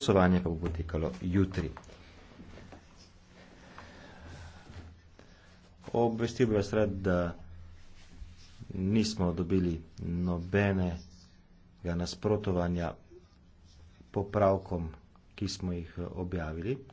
glasovanje pa bo potekalo jutri. Obvestil bi vas rad, da nismo dobili nobenega nasprotovanja popravkom, ki smo jih eh, objavili.